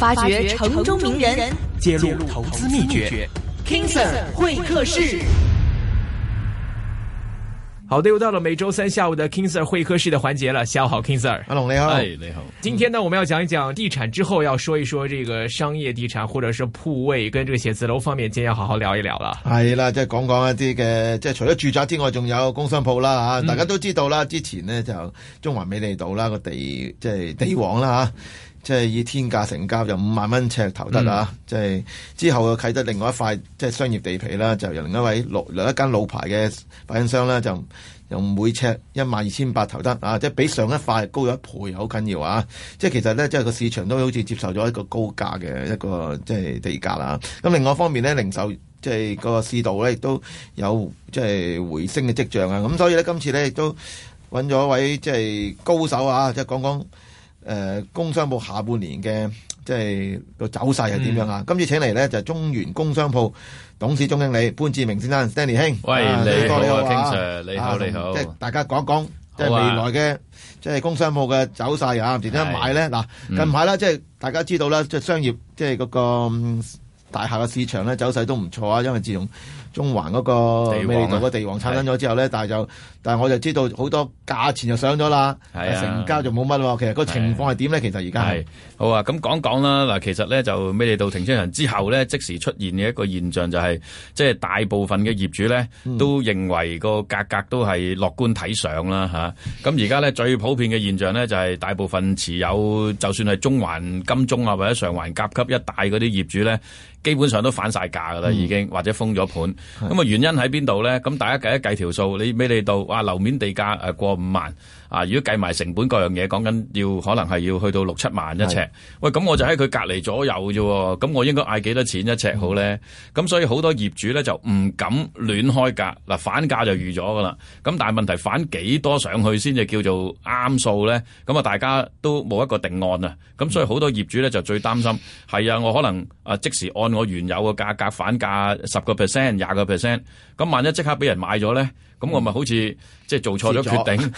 發掘城中名人，人揭露投資秘訣。King Sir 會客室。好的，又到了每周三下午的 King Sir 會客室的環節了。下午好，King Sir。阿龍你好。哎，你好。今天呢，我們要講一講地產之後，要說一說這個商業地產或者是鋪位跟這個寫字樓方面，今天要好好聊一聊了。係啦，即係講講一啲嘅，即係除咗住宅之外，仲有工商鋪啦啊。嗯，大家都知道啦，之前呢就中環美利道啦個地，即係地王啦即係以天價成交，就五萬蚊尺投得啊！嗯、即係之後又契得另外一塊，即係商業地皮啦，就由另一位老一間老牌嘅發展商啦就用每尺一萬二千八投得啊！即係比上一塊高咗一倍，好緊要啊！即係其實呢，即係個市場都好似接受咗一個高價嘅一個即係地價啦。咁、啊、另外一方面呢，零售即係個市道呢，亦都有即係回升嘅跡象啊！咁所以呢，今次呢，亦都揾咗一位即係高手啊，即係講講。誒、呃、工商鋪下半年嘅即係走勢係點樣啊？嗯、今次請嚟咧就係、中原工商鋪董事總經理潘志明先生，Stanley 兄，喂你好，你好你好你好，即係大家講一講、啊、即係未來嘅即係工商鋪嘅走勢啊，點樣買咧嗱？近排啦，即係大家知道啦，即係商業即係嗰、嗰個。大廈嘅市場咧走勢都唔錯啊，因為自從中環嗰個美利道嘅地王產生咗之後咧、啊，但係就但係我就知道好多價錢就上咗啦，的成交就冇乜喎。其實個情況係點咧？其實而家係好啊。咁講講啦，嗱，其實咧就美利道停車場之後咧，即時出現嘅一個現象就係、是，即、就、係、是、大部分嘅業主咧都認為個價格都係樂觀睇上啦嚇。咁而家咧最普遍嘅現象咧就係、是、大部分持有就算係中環金鐘啊或者上環甲級一帶嗰啲業主咧。基本上都反晒價㗎啦，已經、嗯、或者封咗盤。咁啊是的 原因喺邊度咧？咁大家計一計條數，你俾你到哇樓面地價誒，過五萬。啊！如果計埋成本各樣嘢，講緊要可能係要去到六七萬一尺。的喂，咁我就喺佢隔離左右啫，咁、嗯、我應該嗌幾多錢一尺好咧？咁、嗯、所以好多業主咧就唔敢亂開價，嗱，反價就預咗噶啦。咁但係問題反幾多上去先至叫做啱數咧？咁啊，大家都冇一個定案啊。咁所以好多業主咧就最擔心，係啊、嗯，我可能啊即時按我原有嘅價格反價十個 percent、廿個 percent，咁萬一即刻俾人買咗咧？咁、嗯、我咪好似即係做錯咗決定，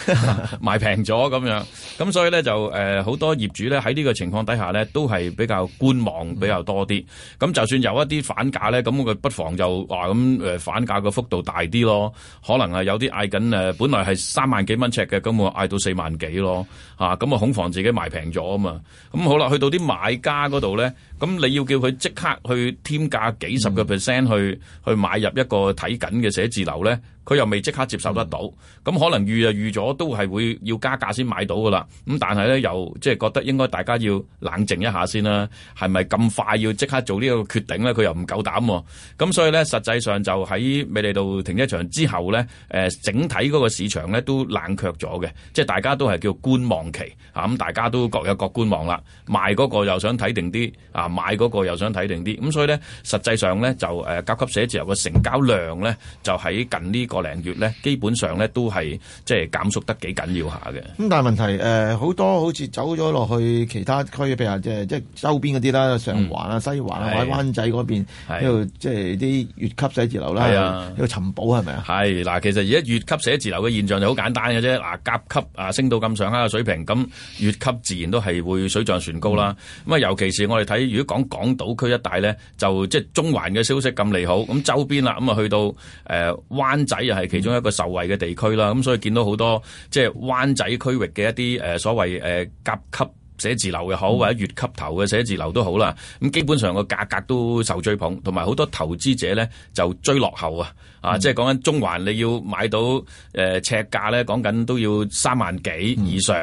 賣平咗咁樣，咁所以咧就誒好、呃、多業主咧喺呢個情況底下咧都係比較觀望比較多啲。咁就算有一啲反價咧，咁佢不妨就話咁誒反價個幅度大啲咯。可能啊有啲嗌緊誒，本來係三萬幾蚊尺嘅，咁我嗌到四萬幾咯嚇，咁啊恐防自己賣平咗啊嘛。咁好啦，去到啲買家嗰度咧，咁你要叫佢即刻去添價幾十個 percent 去、嗯、去買入一個睇緊嘅寫字樓咧，佢又未即。卡接受得到，咁、嗯、可能預啊預咗都係會要加價先買到噶啦。咁但係咧又即係覺得應該大家要冷靜一下先啦、啊。係咪咁快要即刻做呢個決定咧？佢又唔夠膽。咁所以咧實際上就喺美利道停車場之後咧、呃，整體嗰個市場咧都冷卻咗嘅。即係大家都係叫觀望期啊。咁大家都各有各觀望啦。賣嗰個又想睇定啲，啊買嗰個又想睇定啲。咁所以咧實際上咧就誒甲、呃、級寫字樓嘅成交量咧就喺近個呢個零月。基本上咧都係即係減縮得幾緊要下嘅。咁但係問題誒，好、呃、多好似走咗落去其他區，譬如話即係即係周邊嗰啲啦，上環啊、嗯、西環啊，是或者灣仔嗰邊，呢度是即係啲乙級寫字樓啦、啊，呢度是、啊、尋寶係咪啊？係嗱，其實而家乙級寫字樓嘅現象就好簡單嘅啫。嗱，甲級啊升到咁上下嘅水平，咁乙級自然都係會水漲船高啦。咁啊，尤其是我哋睇，如果講港島區一帶咧，就即係中環嘅消息咁利好，咁周邊啦，咁啊去到誒、呃、灣仔又係其中。一個受惠嘅地區啦，咁所以見到好多即係灣仔區域嘅一啲誒所謂誒甲級。寫字樓又好，或者乙級頭嘅寫字樓都好啦。咁基本上個價格都受追捧，同埋好多投資者呢就追落後啊！啊、嗯，即係講緊中環，你要買到誒尺、呃、價呢，講緊都要三萬幾以上。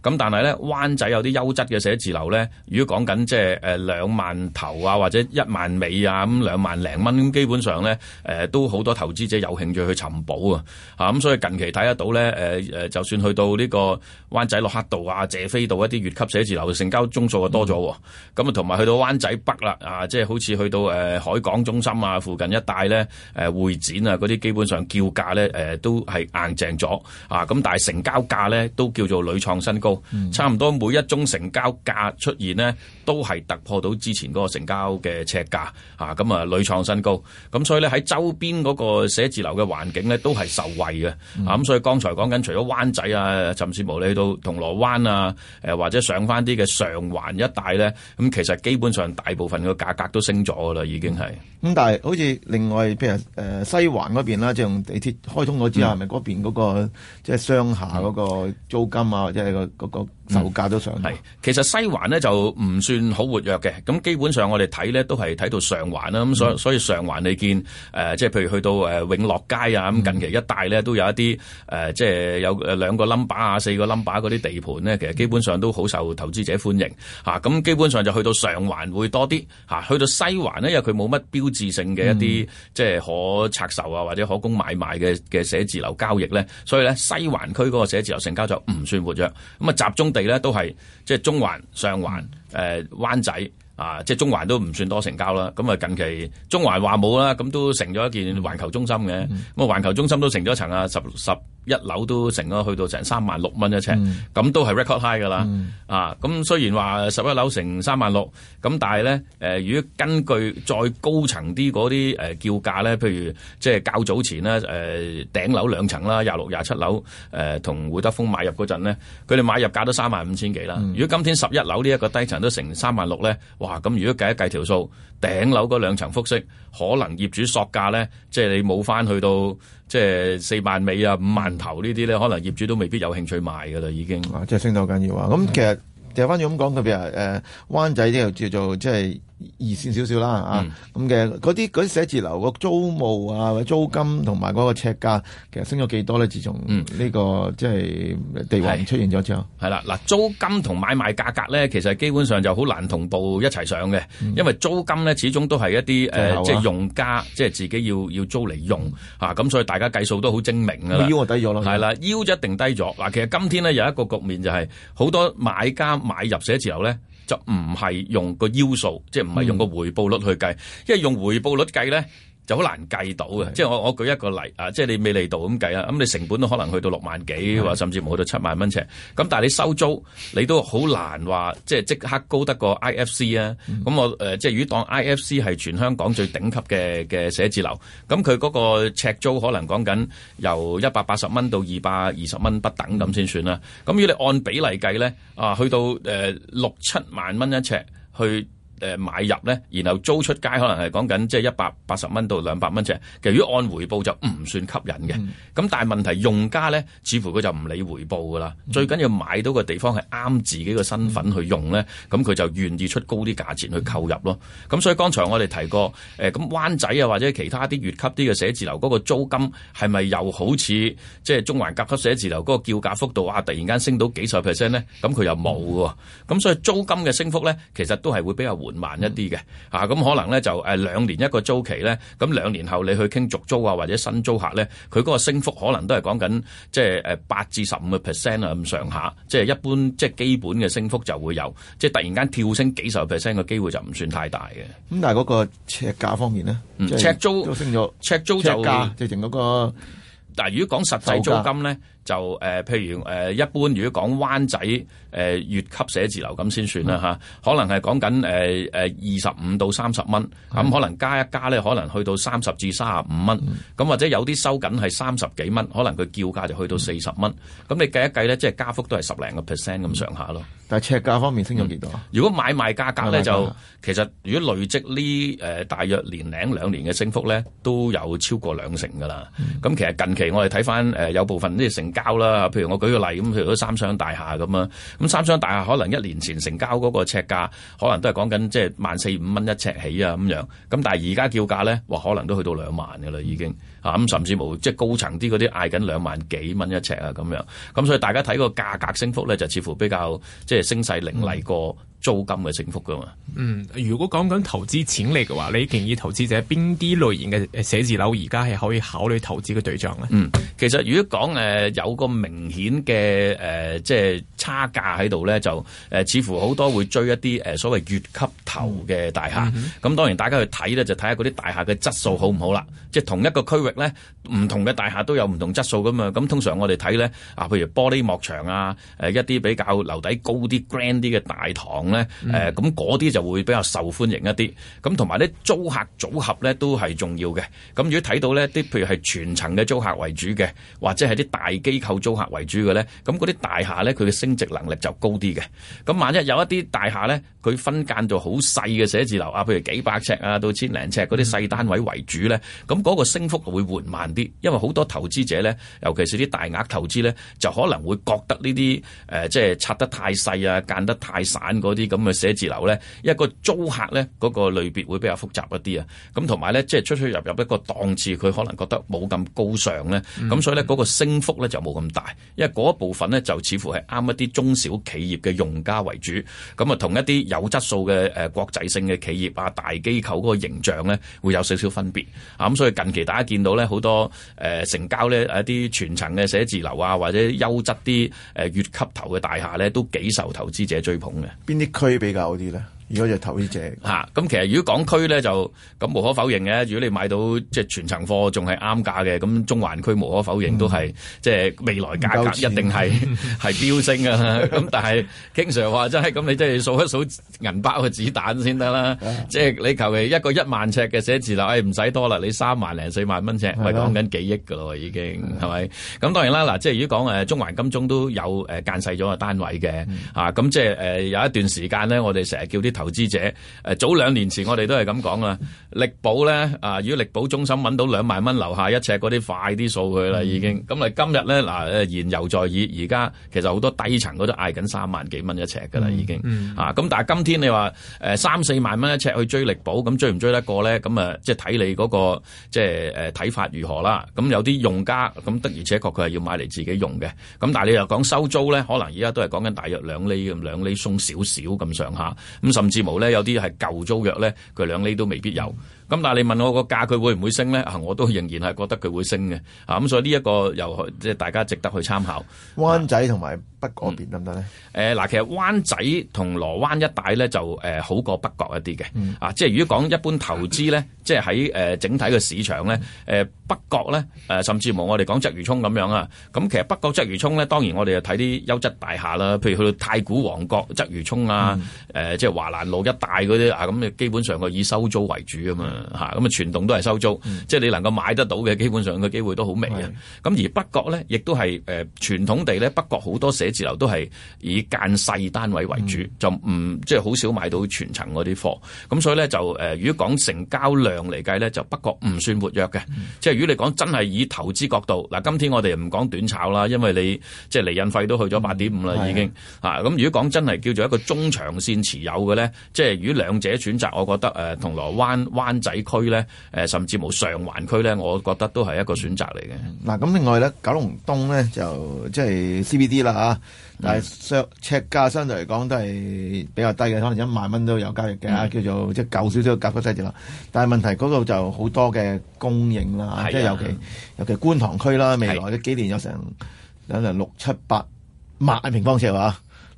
咁、嗯、但係呢，灣仔有啲優質嘅寫字樓呢，如果講緊即係誒兩萬頭啊，或者一萬尾啊，咁兩萬零蚊咁，基本上呢、呃、都好多投資者有興趣去尋寶啊！啊咁，所以近期睇得到呢、呃，就算去到呢個灣仔駱克道啊、謝斐道一啲乙級。寫字樓嘅成交宗數就多咗，咁啊同埋去到灣仔北啦，啊即係、就是、好似去到、呃、海港中心啊附近一帶咧，誒、呃、會展啊嗰啲基本上叫價咧、呃、都係硬淨咗啊！咁但係成交價咧都叫做屢創新高，嗯、差唔多每一宗成交價出現呢都係突破到之前嗰個成交嘅尺價啊！咁啊屢、嗯呃、創新高，咁、啊、所以咧喺周邊嗰個寫字樓嘅環境咧都係受惠嘅、嗯、啊！咁所以剛才講緊除咗灣仔啊、甚至乎，你去到銅鑼灣啊、啊或者上。翻啲嘅上環一帶咧，咁其實基本上大部分嘅價格都升咗噶啦，已經係。咁、嗯、但係好似另外譬如誒、呃、西環嗰邊啦，即係用地鐵開通咗之後，係咪嗰邊嗰個即係商廈嗰個租金啊，或者係個嗰個？嗯那個樓價都上係、嗯，其實西環呢就唔算好活躍嘅，咁基本上我哋睇呢都係睇到上環啦，咁所以、嗯、所以上環你見誒，即、呃、係譬如去到誒永樂街啊，咁近期一帶呢都有一啲誒、呃，即係有兩個 number 啊、四個 number 嗰啲地盤呢，其實基本上都好受投資者歡迎咁、啊、基本上就去到上環會多啲、啊、去到西環呢，因為佢冇乜標誌性嘅一啲、嗯、即係可拆售啊，或者可供買賣嘅嘅寫字樓交易呢。所以呢，西環區嗰個寫字樓成交就唔算活躍，咁啊集中。地咧都係即係中環、上環、誒、呃、灣仔啊，即係中環都唔算多成交啦。咁啊近期中環話冇啦，咁都成咗一件環球中心嘅。咁啊環球中心都成咗一層啊十十。16, 16一樓都成咗去到成三萬六蚊一尺，咁、嗯、都係 record high 㗎啦。嗯、啊，咁雖然話十一樓成三萬六，咁但係咧，誒如果根據再高層啲嗰啲叫價咧，譬如即係較早前咧，誒、呃、頂樓兩層啦，廿六廿七樓誒同會德豐買入嗰陣咧，佢哋買入價都三萬五千幾啦。嗯、如果今天十一樓呢一個低層都成三萬六咧，哇！咁如果計一計條數，頂樓嗰兩層複式，可能業主索價咧，即、就、係、是、你冇返去到。即係四萬尾啊，五萬頭呢啲咧，可能業主都未必有興趣賣㗎啦，已經。啊，即係升得好緊要啊！咁、嗯、其實掉翻轉咁講，佢譬、嗯、如誒、呃、灣仔呢度叫做即係。就是二線少少啦，咁嘅嗰啲嗰啲寫字樓個租務啊，或者租金同埋嗰個尺價，其實升咗幾多咧？自從呢、這個、嗯這個、即係地王出現咗之後，係啦嗱，租金同買賣價格咧，其實基本上就好難同步一齊上嘅，嗯、因為租金咧始終都係一啲誒、啊呃，即係用家，即係自己要要租嚟用吓，咁、啊、所以大家計數都好精明啊。腰我低咗咯，係啦的，腰就一定低咗。嗱，其實今天咧有一個局面就係、是、好多買家買入寫字樓咧。就唔係用個要素，即係唔係用個回報率去計，因為用回報率計咧。就好難計到嘅，是的 即係我我舉一個例啊，即係你未嚟到咁計啊，咁你成本都可能去到六萬幾，或是的 甚至冇到七萬蚊尺，咁但係你收租你都好難話，即係即刻高得過 I F C 啊是的，咁我誒即係如果當 I F C 係全香港最頂級嘅嘅寫字樓，咁佢嗰個尺租可能講緊由一百八十蚊到二百二十蚊不等咁先算啦，咁如果你按比例計咧，啊去到誒六七萬蚊一尺去。誒買入咧，然後租出街可能係講緊即係一百八十蚊到兩百蚊啫。其實如果按回報就唔算吸引嘅。咁、嗯、但係問題用家咧，似乎佢就唔理回報噶啦。嗯、最緊要買到個地方係啱自己嘅身份去用咧，咁佢、嗯、就願意出高啲價錢去購入咯。咁、嗯、所以剛才我哋提過咁、呃、灣仔啊或者其他啲越級啲嘅寫字樓嗰個租金係咪又好似即係中環甲級寫字樓嗰個叫價幅度啊突然間升到幾十 percent 咧？咁佢又冇喎。咁、嗯、所以租金嘅升幅咧，其實都係會比較緩慢一啲嘅，嗯啊，啊，咁可能咧就誒兩年一個租期咧，咁兩年後你去傾續租啊或者新租客咧，佢嗰個升幅可能都係講緊即係誒八至十五個 percent 啊咁，啊，上下，即，就，係，是，一般即係，就是，基本嘅升幅就會有，即，就，係，是，突然間跳升幾十個 percent 嘅機會就唔算太大嘅。咁，嗯，但係嗰個尺價方面咧，尺，嗯，租都升咗，尺租，租就即係剩嗰個。但係，啊，如果講實際租金咧。就誒，譬如誒，一般如果講灣仔誒乙級寫字樓咁先算啦嚇，可能係講緊誒誒二十五到三十蚊，咁可能加一加咧，可能去到三十至三十五蚊，咁或者有啲收緊係三十幾蚊，可能佢叫價就去到四十蚊，咁你計一計咧，即係加幅都係十零個 percent 咁上下咯。但係尺價方面升咗幾多呀？如果買賣價格咧就其實如果累積呢誒大約年零兩年嘅升幅咧，都有超過兩成㗎啦。咁其實近期我哋睇翻誒有部分呢成。交啦，譬如我舉個例咁，譬如嗰三商大廈咁啊，咁三商大廈可能一年前成交嗰個尺價，可能都係講緊即係萬四五蚊一尺起啊咁樣，咁但係而家叫價咧，哇可能都去到兩萬嘅啦已經，嚇咁甚至冇，即係高層啲嗰啲嗌緊兩萬幾蚊一尺啊咁樣，咁所以大家睇個價格升幅咧，就似乎比較即係升勢凌厲過租金嘅升幅噶嘛？嗯，如果講緊投資錢嚟嘅話，你建議投資者邊啲類型嘅寫字樓而家係可以考慮投資嘅對象呢？嗯，其實如果講誒、呃、有個明顯嘅誒即係差價喺度呢，就誒、呃、似乎好多會追一啲誒、呃、所謂月級頭嘅大廈。咁、嗯、哼當然大家去睇呢，就睇下嗰啲大廈嘅質素好唔好啦。即係同一個區域呢，唔同嘅大廈都有唔同質素噶嘛。咁通常我哋睇呢，啊，譬如玻璃幕牆啊，誒、呃、一啲比較樓底高啲、grand 啲嘅大堂，咧，誒咁嗰啲就會比較受歡迎一啲，咁同埋啲租客組合咧都係重要嘅。咁如果睇到咧啲譬如係全層嘅租客為主嘅，或者係啲大機構租客為主嘅咧，咁嗰啲大廈咧佢嘅升值能力就高啲嘅。咁萬一有一啲大廈咧，佢分間做好細嘅寫字樓啊，譬如幾百尺啊到千零尺嗰啲細單位為主咧，咁嗰個升幅會緩慢啲，因為好多投資者咧，尤其是啲大額投資咧，就可能會覺得呢啲誒即係拆得太細啊，間得太散嗰啲。咁嘅寫字樓咧，一個租客咧嗰個類別會比較複雜一啲啊。咁同埋咧，即係出出入入一個檔次，佢可能覺得冇咁高尚咧。咁、嗯、所以咧，嗰個升幅咧就冇咁大，因為嗰一部分咧就似乎係啱一啲中小企業嘅用家為主。咁啊，同一啲有質素嘅誒國際性嘅企業啊、大機構嗰個形象咧，會有少少分別啊。咁所以近期大家見到咧好多誒成交咧一啲全層嘅寫字樓啊，或者優質啲誒月級頭嘅大廈咧，都幾受投資者追捧嘅。邊啲？地區比較好啲咧。如果就投呢隻嚇，咁其實如果港區咧就咁無可否認嘅，如果你買到即係全層貨仲係啱價嘅，咁中環區無可否認都係即係未來價格一定係係飆升啊！咁但係 King Sir 話真係咁，你真係數一數銀包嘅子彈先得啦。即係你求其一個一萬尺嘅寫字樓，誒唔使多啦，你三萬零四萬蚊尺，咪講緊幾億噶咯已經係咪？咁當然啦，嗱，即係如果講誒中環金鐘都有誒間細咗嘅單位嘅嚇，咁即係誒有一段時間咧，我哋成日叫啲。投資者誒早兩年前我哋都係咁講啦，力寶咧啊，如果力寶中心揾到兩萬蚊樓下一尺嗰啲快啲掃佢啦已經。咁啊今日咧嗱，言猶在耳。而家其實好多低層嗰都嗌緊三萬幾蚊一尺噶啦已經啊。咁但係今天你話三四萬蚊一尺去追力寶，咁追唔追得過咧？咁啊即係睇你嗰個即係睇法如何啦。咁有啲用家咁的而且確佢係要買嚟自己用嘅。咁但係你又講收租咧，可能而家都係講緊大約兩厘咁，兩厘鬆少少咁上下咁甚至乎咧，有啲係舊租約咧，佢兩厘都未必有。咁但係你問我個價佢會唔會升咧？啊，我都仍然係覺得佢會升嘅。啊，咁所以呢一個又即係大家值得去參考。灣仔同埋北角邊得唔得咧？誒、嗯，嗱、呃，其實灣仔同羅灣一帶咧就誒好過北角一啲嘅、嗯啊呃呃呃。啊，即係如果講一般投資咧，即係喺誒整體嘅市場咧，誒北角咧誒甚至乎我哋講鰂魚涌咁樣啊，咁其實北角鰂魚涌咧，當然我哋就睇啲優質大廈啦，譬如去到太古皇國鰂魚涌啊，誒、嗯呃、即係華蘭路一帶嗰啲啊，咁基本上佢以收租為主啊嘛。咁啊，全棟都係收租，嗯、即係你能夠買得到嘅，基本上嘅機會都好微啊。咁是的 而北角咧，亦都係誒、呃、傳統地咧，北角好多寫字樓都係以間細單位為主，嗯、就唔即係好少買到全層嗰啲貨。咁、嗯、所以咧就誒、呃嗯，如果講成交量嚟計咧，就北角唔算活躍嘅。即係如果你講真係以投資角度，嗱、嗯，今天我哋唔講短炒啦，因為你是的 即係離印費都去咗八點五啦，已經咁是的、啊嗯、如果講真係叫做一個中長線持有嘅咧，即係如果兩者選擇，我覺得誒、呃、銅鑼灣是的 灣。仔區咧，誒甚至冇上環區咧，我覺得都係一個選擇嚟嘅。嗱，咁另外咧，九龍東咧就即係 CBD 啦嚇，但係相尺價相對嚟講都係比較低嘅，可能一萬蚊都有交易嘅嚇，嗯、叫做即係舊少少嘅格局細啲咯。但係問題嗰度就好多嘅供應啦，啊、即係尤其尤其觀塘區啦，未來幾年有成可能是六七百萬平方尺喎。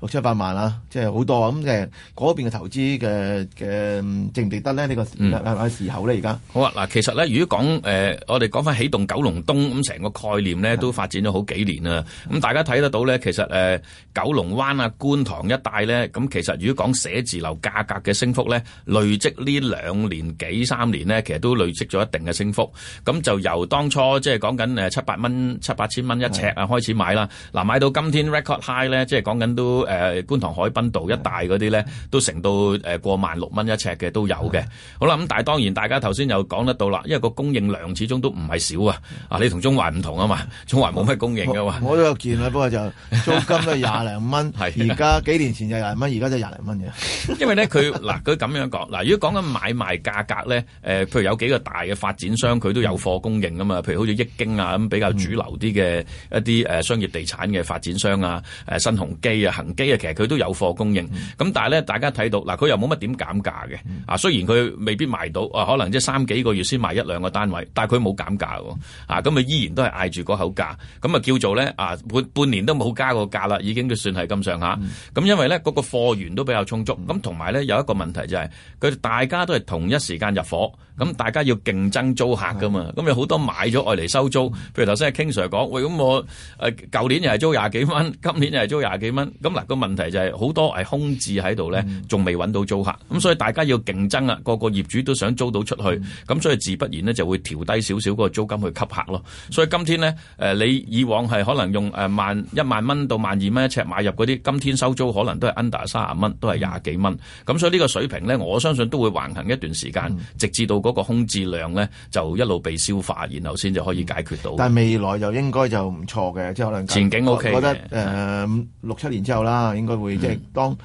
六七百萬啊，即係好多啊！咁誒，嗰邊嘅投資嘅嘅值唔值得咧？呢個係咪時候咧？而家好啊！嗱，其實咧，如果講誒，我哋講翻起動九龍東咁，成個概念咧都發展咗好幾年啦。咁大家睇得到咧，其實誒，九龍灣啊、觀塘一帶咧，咁其實如果講寫字樓價格嘅升幅咧，累積呢兩年幾三年咧，其實都累積咗一定嘅升幅。咁就由當初即係講緊誒七百蚊、七八千蚊一尺啊開始買啦。嗱，買到今天 record high 咧，即係講緊都誒。誒、呃、觀塘海濱道一帶嗰啲咧，都成到誒、呃、過萬六蚊一尺嘅都有嘅。的好啦，咁但係當然大家頭先又講得到啦，因為個供應量始終都唔係少啊。啊，你同中環唔同啊嘛，中環冇乜供應嘅嘛、啊？我都有見啊，不過 就租金都廿零蚊。而家 的幾年前就廿蚊，20而家就廿零蚊嘅。 因為咧，佢嗱佢咁樣講嗱，如果講緊買賣價格咧，誒、呃，譬如有幾個大嘅發展商，佢都有貨供應㗎嘛。譬如好似益京啊咁比較主流啲嘅一啲商業地產嘅發展商啊，誒的、啊、新鴻基啊，機啊，其實佢都有貨供應，咁、嗯、但係咧，大家睇到嗱，佢又冇乜點減價嘅，啊、嗯，雖然佢未必賣到，啊，可能即係三幾個月先賣一兩個單位，但係佢冇減價喎，嗯、啊，咁佢依然都係嗌住嗰口價，咁咪叫做咧，啊，半半年都冇加過價啦，已經佢算係咁上下，咁、嗯、因為咧嗰、那個貨源都比較充足，咁同埋咧有一個問題就係、是，佢大家都係同一時間入伙，咁大家要競爭租客噶嘛，咁、嗯、有好多買咗外嚟收租，譬如頭先阿 King Sir 講，喂，咁我誒舊年又係租廿幾蚊，今年又係租廿幾蚊，咁嗱。個問題就係好多係空置喺度咧，仲未揾到租客，咁、嗯、所以大家要競爭啊！個個業主都想租到出去，咁、嗯、所以自不然咧就會調低少少嗰個租金去吸客咯。所以今天咧、呃，你以往係可能用誒萬一萬蚊到萬二蚊一尺買入嗰啲，今天收租可能都係 under 三啊蚊，都係廿幾蚊。咁所以呢個水平咧，我相信都會橫行一段時間，嗯、直至到嗰個空置量咧就一路被消化，然後先就可以解決到。但未來就應該就唔錯嘅，即係可能前景 OK。我覺得六七的、呃、年之後啦。啊應該會即係當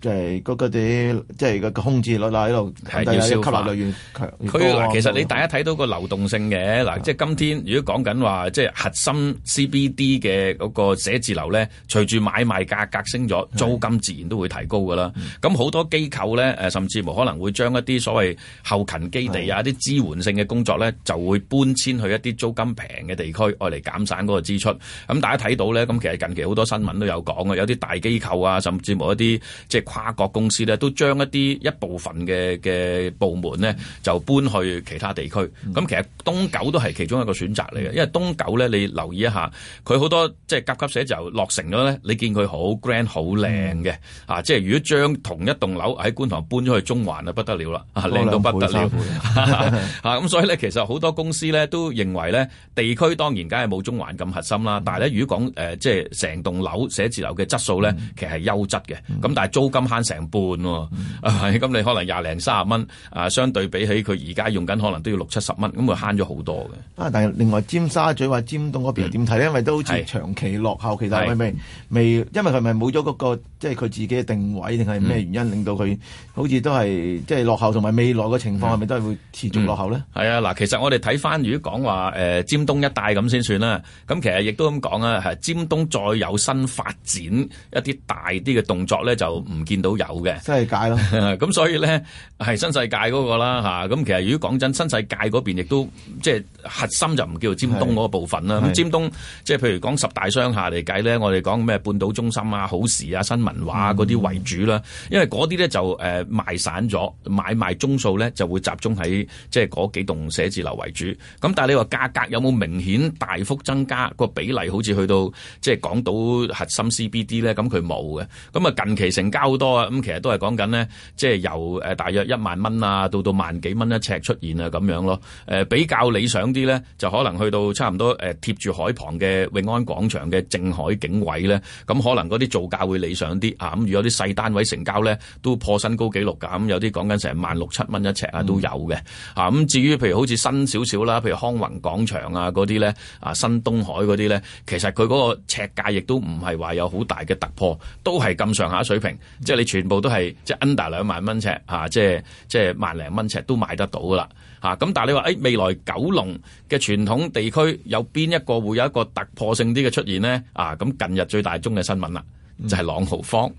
即係嗰嗰啲，即係個空置率啦，喺度，但係啲吸納力越強。區嗱，其實你大家睇到個流動性嘅嗱，是的即係今天如果講緊話，即係核心 CBD 嘅嗰個寫字樓咧，隨住買賣價格，格升咗，的租金自然都會提高㗎啦。咁好的多機構咧，誒，甚至乎可能會將一啲所謂後勤基地啊、啲支援性嘅工作咧，就會搬遷去一啲租金平嘅地區，愛嚟減省嗰個支出。咁大家睇到咧，咁其實近期好多新聞都有講嘅，有啲大機構啊，甚至乎一啲即係。跨國公司咧都將一啲一部分嘅嘅部門咧就搬去其他地區。咁、嗯、其實東九都係其中一個選擇嚟嘅，因為東九咧你留意一下，佢好多即係甲級寫字樓落成咗咧，你見佢好 grand 好靚嘅啊！即係如果將同一棟樓喺觀塘搬咗去中環啊，不得了啦，靚到不得了。老兩倍、三倍啊！咁、 啊、所以咧，其實好多公司咧都認為咧，地區當然梗係冇中環咁核心啦。但係咧，如果講誒，即係成棟樓寫字樓嘅質素咧，其實係優質嘅。咁、嗯嗯、但係租咁慳成半喎、啊，咁、嗯、你可能廿零三十蚊，啊相對比起佢而家用緊可能都要六七十蚊，咁咪慳咗好多嘅。啊，但係另外尖沙咀尖東、話尖東嗰邊點睇咧？因為都好似長期落後，是其實係咪是未？因為佢咪冇咗嗰個即係佢自己嘅定位，定係咩原因令到佢好似都係即係落後，同埋未來嘅情況係咪都係會持續落後咧？係、嗯嗯、啊，嗱，其實我哋睇翻如果講話、呃、尖東一帶咁先算啦。咁其實亦都咁講啊，尖東再有新發展一啲大啲嘅動作咧，就唔見到有嘅，真係世界咯。咁 所以咧，係新世界嗰個啦咁、啊、其實如果講真，新世界嗰邊亦都即係、就是、核心就唔叫做尖東嗰部分啦。咁是尖東即係是譬如講十大商廈嚟計咧，我哋講咩半島中心啊、好時啊、新文華嗰啲為主啦。嗯、因為嗰啲咧就賣散咗，買賣宗數咧就會集中喺即係嗰幾棟寫字樓為主。咁但係你話價格有冇明顯大幅增加、個比例，好似去到即係港島核心 CBD 咧，咁佢冇嘅。咁啊近期成交，多啊，咁其實都係講緊呢，即係由大約一萬蚊啊，到到萬幾蚊一尺出現啊，咁樣咯。比較理想啲呢，就可能去到差唔多誒貼住海旁嘅永安廣場嘅正海景位呢。咁可能嗰啲造價會理想啲啊。咁如果有啲細單位成交呢，都破新高紀錄㗎。咁有啲講緊成萬六七蚊一尺啊，都有嘅啊。咁至於譬如好似新少少啦，譬如康宏廣場啊嗰啲呢，啊，新東海嗰啲呢，其實佢嗰個尺價亦都唔係話有好大嘅突破，都係咁上下水平。即係你全部都係即係 under 兩萬蚊尺，啊、即係即係萬零蚊尺都買得到噶啦，咁但係你話、哎、未來九龍嘅傳統地區有邊一個會有一個突破性啲嘅出現咧？啊咁、啊、近日最大宗嘅新聞啦。就係朗豪坊，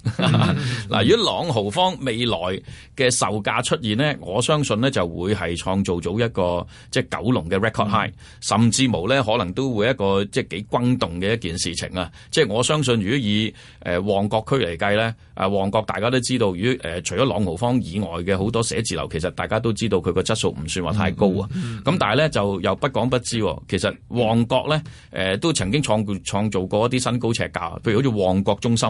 嗱， 如果朗豪坊未來嘅售價出現咧，我相信咧就會係創造咗一個即係、就是、九龍嘅 record high，甚至乎咧可能都會一個即係幾轟動嘅一件事情啊！即、就、係、是、我相信，如果以誒旺角區嚟計咧，誒旺角大家都知道，如果除咗朗豪坊以外嘅好多寫字樓其實大家都知道佢個質素唔算話太高啊。咁、嗯嗯、但係咧就又不講不知，其實旺角咧誒都曾經創創造過一啲新高尺價，譬如好似旺角中心。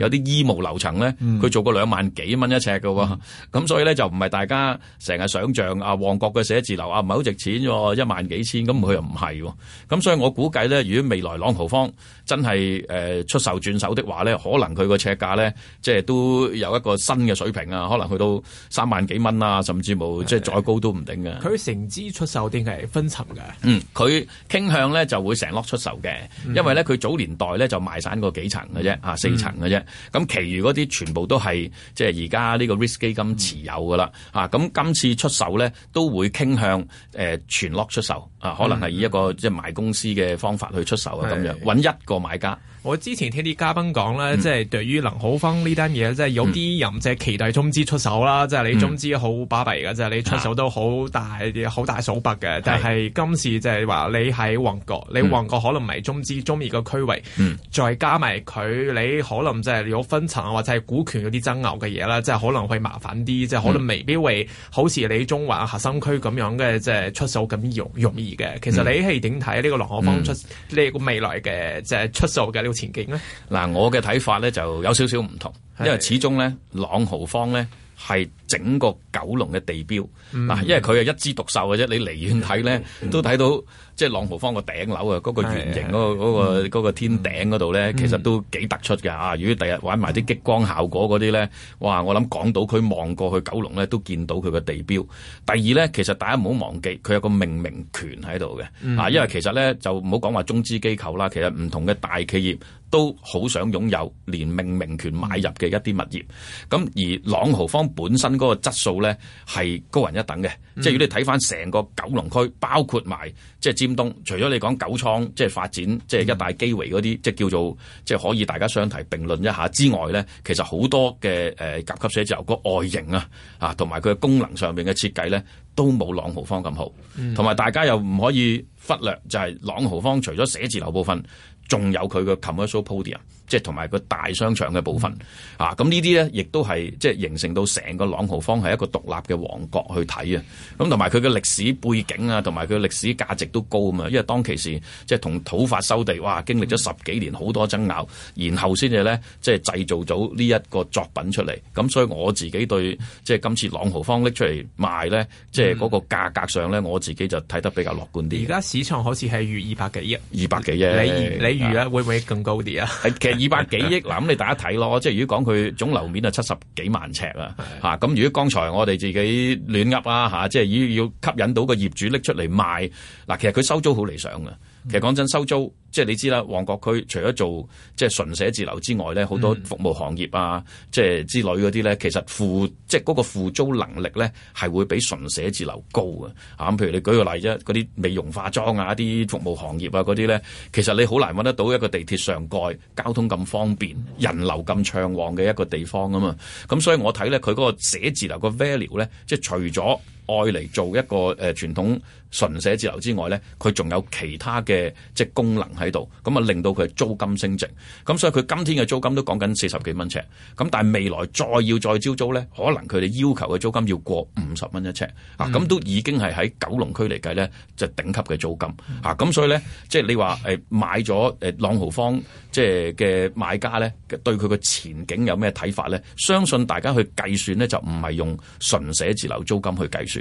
有啲醫務樓層咧，佢做過兩萬幾蚊一尺嘅喎，咁所以咧就唔係大家成日想象啊旺角嘅寫字樓啊唔係好值錢喎，一萬幾千，咁佢又唔係，咁所以我估計咧，如果未來朗豪坊。真係誒出售轉手的話咧，可能佢個尺價咧，即係都有一個新嘅水平啊！可能去到三萬幾蚊啊，甚至冇，的即係再高都唔定嘅。佢成支出售定係分層㗎？嗯，佢傾向咧就會成碌出售嘅，因為咧佢早年代咧就賣散過幾層嘅啫，啊四層嘅啫。咁其餘嗰啲全部都係即係而家呢個 risk 基金持有㗎啦。咁、嗯啊、今次出售咧都會傾向誒全碌出售。啊，可能係以一個、嗯、即係賣公司嘅方法去出售啊，咁的樣揾一個買家。我之前聽啲嘉賓講咧，即係、嗯、對於朗豪坊呢單嘢，即、就、係、是、有啲人即係期待中資出手啦。即係、嗯、你中資好巴閉㗎，即、就、係、是、你出手都好大好、啊、大數百嘅。啊、但係今次就係話你喺旺角，你旺角可能唔係中資、嗯、中意個區域，嗯、再加埋佢你可能即係有分層啊，或者係股權嗰啲爭拗嘅嘢啦，即、就、係、是、可能會麻煩啲，即、就、係、是、可能未必會好似你中環核心區咁樣嘅即係出手咁容容易嘅。嗯、其實你係點睇呢個朗豪坊出呢、嗯、個未來嘅即係出售嘅前景咧，嗱，我嘅睇法咧就有少少唔同，因為始終咧，朗豪坊咧係整個九龍嘅地標，嗱、嗯，因為佢係一枝獨秀嘅啫。你離遠睇咧，嗯、都睇到即係朗豪坊個頂樓啊，嗰、嗰個圓形嗰、嗰個嗰天頂嗰度咧，嗯、其實都幾突出嘅啊！如果第日玩埋啲激光效果嗰啲咧，嗯、哇！我諗港島區望過去九龍咧，都見到佢個地標。第二咧，其實大家唔好忘記，佢有個命名權喺度嘅，啊、嗯，因為其實咧就唔好講話中資機構啦，其實唔同嘅大企業都好想擁有連命名權買入嘅一啲物業。咁、嗯、而朗豪坊本身。嗰個質素咧係高人一等嘅，嗯、即係如果你睇翻成個九龍區，包括埋即係尖東，除咗你講九倉即係發展、嗯、即係一大機會嗰啲，即係叫做即係可以大家相提並論一下之外咧，其實好多嘅誒、呃、甲級寫字樓個外形啊，啊同埋佢嘅功能上面嘅設計咧，都冇朗豪坊咁好，同埋、嗯、大家又唔可以忽略就係朗豪坊除咗寫字樓部分，仲有佢嘅 commercial podium。即係同埋個大商場嘅部分咁、嗯啊、呢啲咧亦都係即係形成到成個朗豪坊係一個獨立嘅王國去睇啊！咁同埋佢嘅歷史背景啊，同埋佢嘅歷史價值都高啊嘛，因為當其時即係同土發收地，哇！經歷咗十幾年好多爭拗，嗯、然後先至咧即係製造咗呢一個作品出嚟。咁、啊、所以我自己對即係今次朗豪坊拎出嚟賣咧，嗯、即係嗰個價格上咧，我自己就睇得比較樂觀啲。而家市場好似係逾二百幾億，二百幾億。哎、是你預你預會唔會更高啲啊？二百幾億嗱，咁 你大家睇咯，即係如果講佢總樓面啊，七十幾萬尺是的 啊，咁如果剛才我哋自己亂噏啦，即係要要吸引到個業主拎出嚟賣，嗱、啊、其實佢收租好理想㗎。其實講真，收租即係你知啦，旺角區除咗做即係純寫字樓之外咧，好多服務行業啊，即係、嗯、之類嗰啲咧，其實付即係嗰個付租能力咧，係會比純寫字樓高嘅。啊，咁譬如你舉個例啫，嗰啲美容化妝啊，一啲服務行業啊，嗰啲咧，其實你好難搵得到一個地鐵上蓋、交通咁方便、人流咁暢旺嘅一個地方啊嘛。咁所以我睇咧，佢嗰個寫字樓個 value 咧，即係除咗，用嚟做一個誒、呃、傳統純寫字樓之外咧，佢仲有其他嘅即係功能喺度，咁啊令到佢租金升值。咁所以佢今天嘅租金都講緊四十幾蚊尺，咁但係未來再要再招租咧，可能佢哋要求嘅租金要過五十蚊一尺、嗯、啊，咁都已經係喺九龍區嚟計咧就頂級嘅租金嚇。咁、啊嗯啊、所以咧，即係你話誒、呃、買咗誒朗豪坊即係嘅買家咧，對佢嘅前景有咩睇法咧？相信大家去計算咧，就唔係用純寫字樓租金去計算。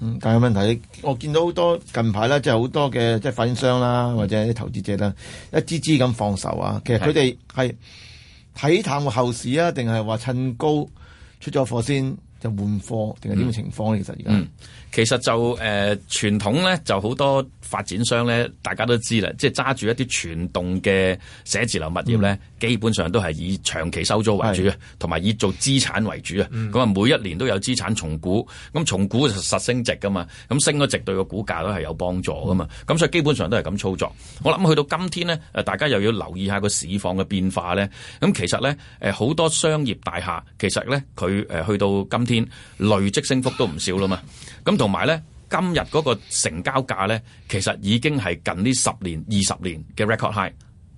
嗯，但係問題，我見到好多近排咧，即係好多嘅即係發展商啦，或者啲投資者啦，一支支咁放手啊，其實佢哋係睇淡後市啊，定係話趁高出咗貨先？就換貨定係點嘅情況？其實而家嗯，嗯，其實就誒、呃、傳統咧，就好多發展商咧，大家都知啦，即係揸住一啲傳統嘅寫字樓物業咧，嗯、基本上都係以長期收租為主啊，同埋是以做資產為主啊。咁啊、嗯，每一年都有資產重估，咁重估實升值噶嘛，咁升咗值對個股價都係有幫助噶嘛。咁、嗯、所以基本上都係咁操作。嗯、我諗去到今天咧，大家又要留意下個市況嘅變化咧。咁其實咧，好多商業大廈其實咧，佢去到今天累積升幅都唔少啦嘛，咁同埋呢，今日嗰個成交價呢，其實已經係近呢十年二十年嘅 record high。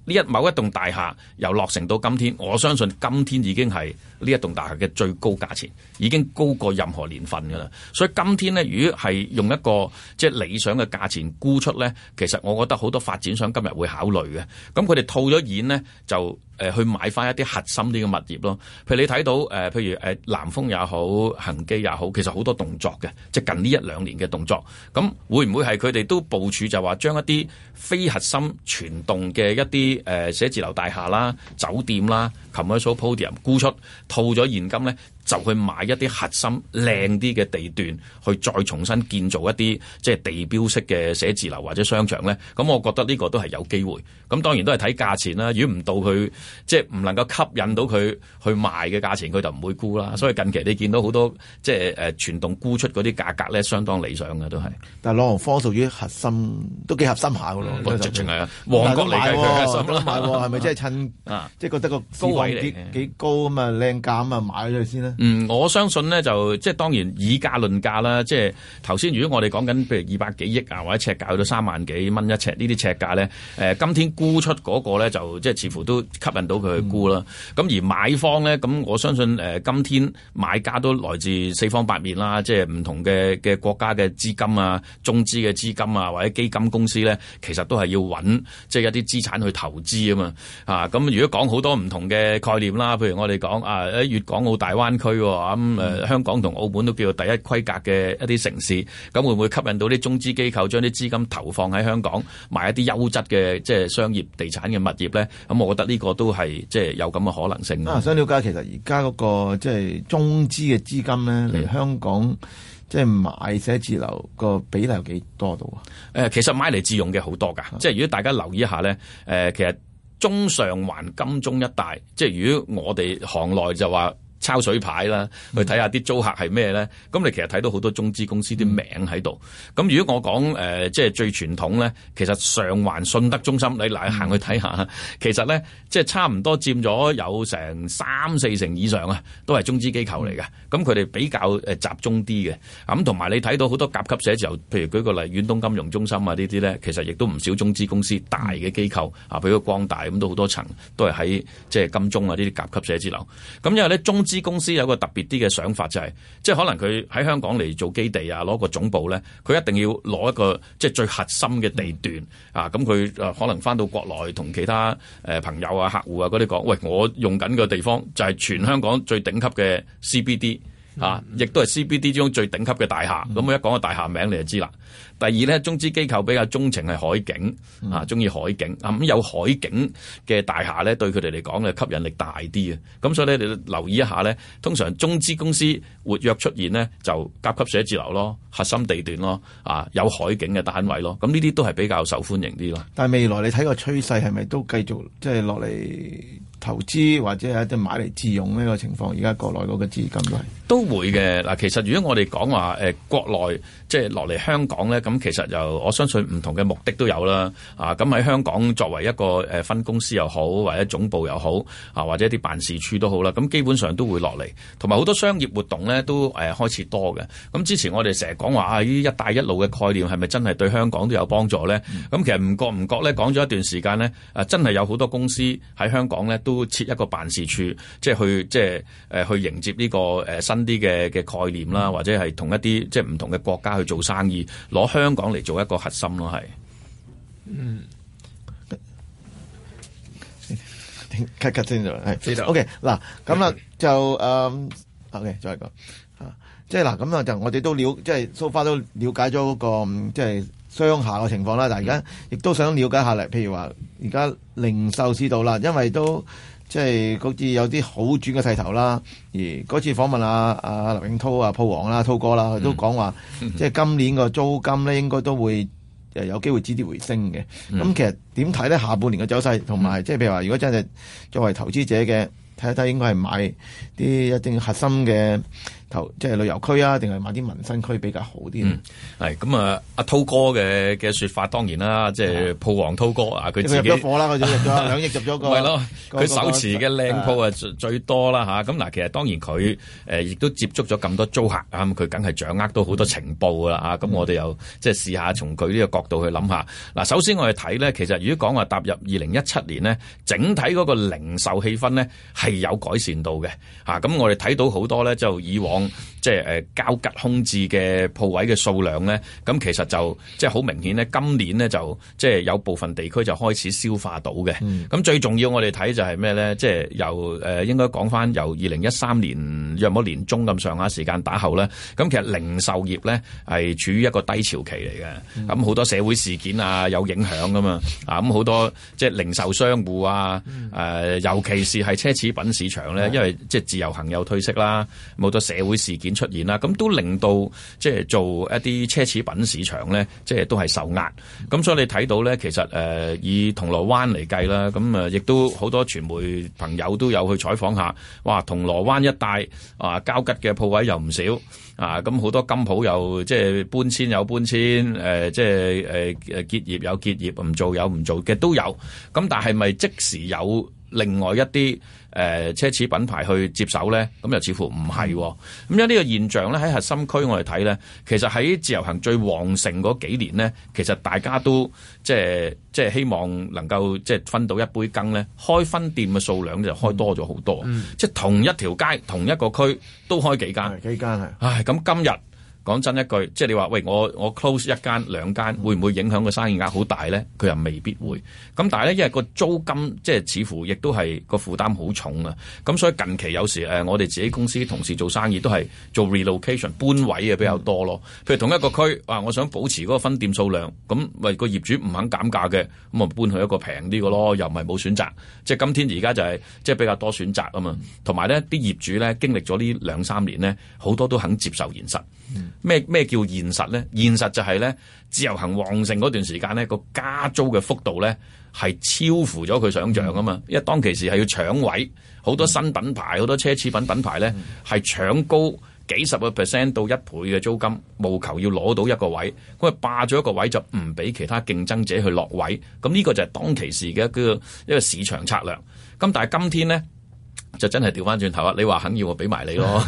呢一某一棟大廈由落成到今天，我相信今天已經係。呢一棟大廈嘅最高價錢已經高過任何年份㗎啦，所以今天呢，如果係用一個即係理想嘅價錢估出呢，其實我覺得好多發展商今日會考慮嘅。咁佢哋套咗演呢，就、呃、去買翻一啲核心啲嘅物業咯。譬如你睇到、呃、譬如、呃、南風也好，恒基也好，其實好多動作嘅，即近呢一兩年嘅動作。咁會唔會係佢哋都部署就話將一啲非核心傳動嘅一啲誒寫字樓大廈啦、酒店啦、琴 o 所 i u m 估出？套咗現金咧。就去買一啲核心靚啲嘅地段，去再重新建造一啲即係地標式嘅寫字樓或者商場咧。咁我覺得呢個都係有機會。咁當然都係睇價錢啦。如果唔到佢即係唔能夠吸引到佢去賣嘅價錢，佢就唔會沽啦。所以近期你見到好多即係誒全棟沽出嗰啲價格咧，相當理想嘅都係。但係朗豪坊屬於核心，都幾核心下嘅咯。直情係啊，旺角嚟係都係咪即係趁即係覺得個、啊、高位幾幾高咁啊靚價咁啊買咗先？嗯，我相信咧就即係當然以價論價啦，即係頭先如果我哋講緊譬如二百幾億啊，或者尺價去到三萬幾蚊一尺呢啲尺價咧，誒、呃，今天沽出嗰個咧就即係似乎都吸引到佢去沽啦。咁、嗯、而買方咧，咁我相信誒、呃，今天買家都來自四方八面啦，即係唔同嘅嘅國家嘅資金啊，中資嘅資金啊，或者基金公司咧，其實都係要搵即係一啲資產去投資啊嘛，吓、啊、咁、嗯、如果講好多唔同嘅概念啦，譬如我哋講啊，誒，粵港澳大灣區咁誒，香港同澳門都叫做第一規格嘅一啲城市，咁會唔會吸引到啲中資機構將啲資金投放喺香港買一啲優質嘅即係商業地產嘅物業咧？咁、嗯、我覺得呢個都係即係有咁嘅可能性。啊，想了解其實而家嗰個即係、就是、中資嘅資金咧嚟的香港即係、就是、買寫字樓個比例有幾多度？啊？誒，其實買嚟自用嘅好多㗎，的即係如果大家留意一下咧，誒，其實中上環金鐘一帶，即係如果我哋行內就話。抄水牌啦，去睇下啲租客係咩咧？咁你其實睇到好多中資公司啲名喺度。咁如果我講誒、呃、即係最傳統咧，其實上環信德中心，你嗱行去睇下，其實咧即係差唔多佔咗有成三四成以上啊，都係中資機構嚟嘅。咁佢哋比較誒集中啲嘅。咁同埋你睇到好多甲級寫字樓，譬如舉個例，遠東金融中心啊呢啲咧，其實亦都唔少中資公司大嘅機構啊，譬如光大咁都好多層，都係喺即係金鐘啊呢啲甲級寫字樓，咁因為咧中公司有個特別啲嘅想法，就係，就係即係可能佢喺香港嚟做基地啊，攞個總部咧，佢一定要攞一個即係最核心嘅地段、嗯、啊！咁佢可能翻到國內同其他誒、呃、朋友啊、客戶啊嗰啲講，喂，我用緊嘅地方就係全香港最頂級嘅 CBD 啊，亦都係 CBD 之中最頂級嘅大廈。咁我、嗯嗯嗯、一講個大廈名，你就知啦。第二咧，中資機構比較鍾情係海景，啊、嗯，中意海景啊，咁、嗯嗯、有海景嘅大廈咧，對佢哋嚟講咧吸引力大啲啊。咁所以咧，你留意一下咧，通常中資公司活躍出現咧，就甲級寫字樓咯，核心地段咯，啊，有海景嘅單位咯。咁呢啲都係比較受歡迎啲咯。但未來你睇個趨勢係咪都繼續即係落嚟投資或者係一啲買嚟自用呢個情況？而家國內嗰個資金都會嘅嗱。其實如果我哋講話誒，國內即係落嚟香港咧咁其實就我相信唔同嘅目的都有啦，啊咁喺香港作為一個誒分公司又好，或者總部又好，啊或者一啲辦事處都好啦，咁基本上都會落嚟，同埋好多商業活動咧都誒開始多嘅。咁之前我哋成日講話啊，呢一帶一路嘅概念係咪真係對香港都有幫助咧？咁、嗯、其實唔覺唔覺咧講咗一段時間咧，啊真係有好多公司喺香港咧都設一個辦事處，即係去即係誒、啊、去迎接呢個誒新啲嘅嘅概念啦，嗯、或者係、就是、同一啲即係唔同嘅國家去做生意攞香。香港嚟做一個核心咯，係嗯，cut cut 先就係，OK 嗱，咁啊就嗯，OK 再講，啊，即係嗱，咁啊就我哋都了，即係 so far 都了解咗嗰、嗰個即係商廈嘅情況啦。但係而家亦都想了解下嚟，譬如話而家零售市道啦，因為都。即係嗰次有啲好轉嘅勢頭啦，而嗰次訪問阿、啊、阿、啊、劉永滔啊、鋪王啦、滔、啊、哥啦，佢都講話，即係、嗯、今年個租金咧應該都會誒有機會止跌回升嘅。咁、嗯、其實點睇咧？下半年嘅走勢同埋，即係譬如話，如果真係作為投資者嘅，睇一睇應該係買啲一,一定核心嘅。即係旅遊區啊，定係買啲民生區比較好啲？嗯，係咁啊，阿滔哥嘅嘅說法當然啦，即係鋪王滔哥啊，佢的自，自己入咗貨啦，佢就入咗兩億入咗個，係咯，佢手持嘅靚鋪啊最多啦嚇。咁、啊、嗱、啊，其實當然佢誒亦都接觸咗咁多租客，咁佢梗係掌握到好多情報噶啦嚇。咁、嗯啊、我哋又即係試下從佢呢個角度去諗下。嗱、啊，首先我哋睇咧，其實如果講話踏入二零一七年呢，整體嗰個零售氣氛呢，係有改善的的、啊、到嘅嚇。咁我哋睇到好多咧就以往。即係誒、呃，交吉空置嘅鋪位嘅數量咧，咁其實就即係好明顯咧。今年咧就即係有部分地區就開始消化到嘅。咁、嗯、最重要我哋睇就係咩咧？即係由誒、呃，應該講翻由二零一三年約莫年中咁上下時間打後咧，咁其實零售業咧係處於一個低潮期嚟嘅。咁好、嗯、多社會事件啊，有影響噶嘛？嗯、啊咁好多即係零售商戶啊，誒、呃，尤其是係奢侈品市場咧，嗯、因為即係自由行有退色啦，冇咗社會。事件出現啦，咁都令到即係做一啲奢侈品市場咧，即係都係受壓。咁所以你睇到咧，其實誒、呃、以銅鑼灣嚟計啦，咁亦都好多傳媒朋友都有去採訪下。哇，銅鑼灣一帶啊，交吉嘅鋪位又唔少啊，咁好多金鋪又即係搬遷有搬遷，呃、即係誒誒結業有結業，唔做有唔做嘅都有。咁但係咪即時有另外一啲誒奢侈品牌去接手咧，咁又似乎唔係喎、哦。咁有呢個現象咧，喺核心區我哋睇咧，其實喺自由行最旺盛嗰幾年咧，其實大家都即係即係希望能夠即係分到一杯羹咧，開分店嘅數量就開多咗好多。嗯、即係同一條街、同一個區都開幾間，幾間係，唉，咁今日。講真一句，即係你話喂，我我 close 一間兩間，會唔會影響個生意額好大咧？佢又未必會。咁但係咧，因為個租金即係似乎亦都係個負擔好重啊。咁所以近期有時誒，我哋自己公司同事做生意都係做 relocation 搬位嘅比較多咯。譬如同一個區，啊，我想保持嗰個分店數量，咁咪個業主唔肯減價嘅，咁啊搬去一個平啲嘅咯，又唔係冇選擇。即係今天而家就係、是、即係比較多選擇啊嘛。同埋咧，啲業主咧經歷咗呢兩三年咧，好多都肯接受現實。咩咩叫現實咧？現實就係咧，自由行旺盛嗰段時間咧，個加租嘅幅度咧係超乎咗佢想像啊嘛！因為當其時係要搶位，好多新品牌、好多奢侈品品牌咧係搶高幾十個 percent 到一倍嘅租金，務求要攞到一個位，佢霸咗一個位就唔俾其他競爭者去落位。咁呢個就係當其時嘅一個一個市場策略。咁但係今天咧？就真係調翻轉頭啊！你話肯要我俾埋你咯，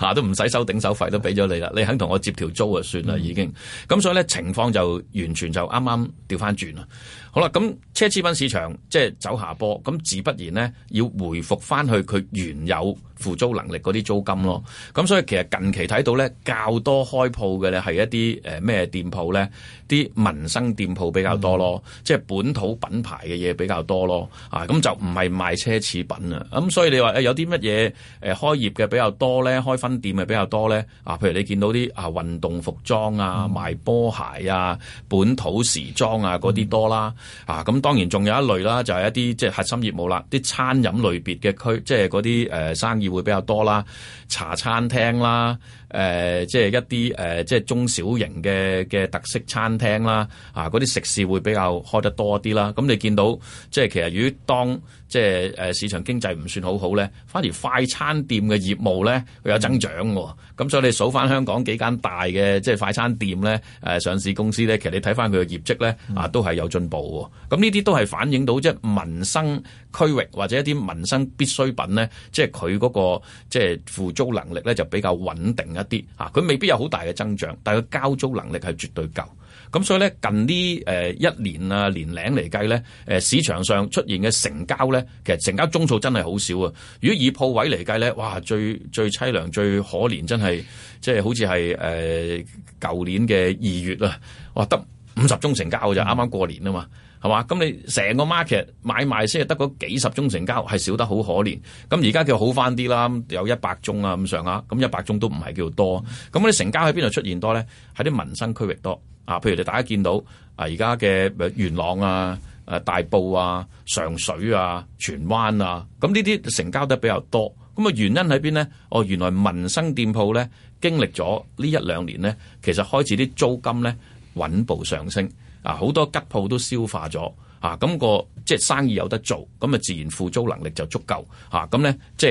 嚇 都唔使收頂手費都俾咗你啦。你肯同我接條租啊，算啦已經。咁所以咧，情況就完全就啱啱調翻轉啦。好啦，咁奢侈品市場即係走下坡，咁自不然呢，要回復翻去佢原有。付租能力嗰啲租金咯，咁所以其實近期睇到咧較多開鋪嘅咧係一啲誒咩店鋪咧，啲民生店鋪比較多咯，即係本土品牌嘅嘢比較多咯，啊咁就唔係賣奢侈品啊，咁所以你話誒有啲乜嘢誒開業嘅比較多咧，開分店嘅比較多咧，啊譬如你見到啲啊運動服裝啊賣波鞋啊本土時裝啊嗰啲多啦，啊咁當然仲有一類啦，就係一啲即係核心業務啦，啲餐飲類別嘅區，即係嗰啲誒生意。會比較多啦，茶餐廳啦。誒、呃，即係一啲誒、呃，即係中小型嘅嘅特色餐廳啦，啊，嗰啲食肆會比較開得多啲啦。咁你見到即係其實如果當即係、啊、市場經濟唔算好好咧，反而快餐店嘅業務咧有增長喎、喔。咁、嗯啊、所以你數翻香港幾間大嘅即係快餐店咧，誒、啊、上市公司咧，其實你睇翻佢嘅業績咧，啊，都係有進步。咁呢啲都係反映到即係民生區域或者一啲民生必需品咧，即係佢嗰個即係付租能力咧就比較穩定啊。啲嚇，佢未必有好大嘅增長，但係佢交租能力係絕對夠。咁所以咧，近呢誒一年啊年零嚟計咧，誒市場上出現嘅成交咧，其實成交宗數真係好少啊。如果以鋪位嚟計咧，哇，最最淒涼、最可憐，真係即係好似係誒舊年嘅二月啊，我得五十宗成交嘅就啱啱過年啊嘛。係嘛？咁你成個 market 買賣先係得嗰幾十宗成交，係少得好可憐。咁而家叫好翻啲啦，有一百宗啊咁上下，咁一百宗都唔係叫多。咁啲成交喺邊度出現多咧？喺啲民生區域多啊。譬如你大家見到啊，而家嘅元朗啊、誒大埔啊、上水啊、荃灣啊，咁呢啲成交得比較多。咁啊原因喺邊咧？哦，原來民生店鋪咧經歷咗呢一兩年咧，其實開始啲租金咧穩步上升。啊！好多吉鋪都消化咗，啊！咁個。即係生意有得做，咁啊自然付租能力就足夠，吓、啊，咁、嗯、咧，即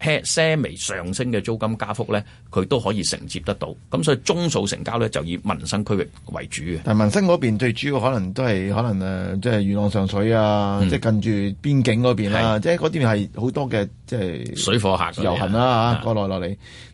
係輕微上升嘅租金加幅咧，佢都可以承接得到。咁、嗯、所以中數成交咧就以民生區域為主嘅。但民生嗰邊最主要可能都係可能即係元朗上水啊，即係近住邊境嗰邊啦。即係嗰啲係好多嘅即係水貨客遊行啦嚇，過來落嚟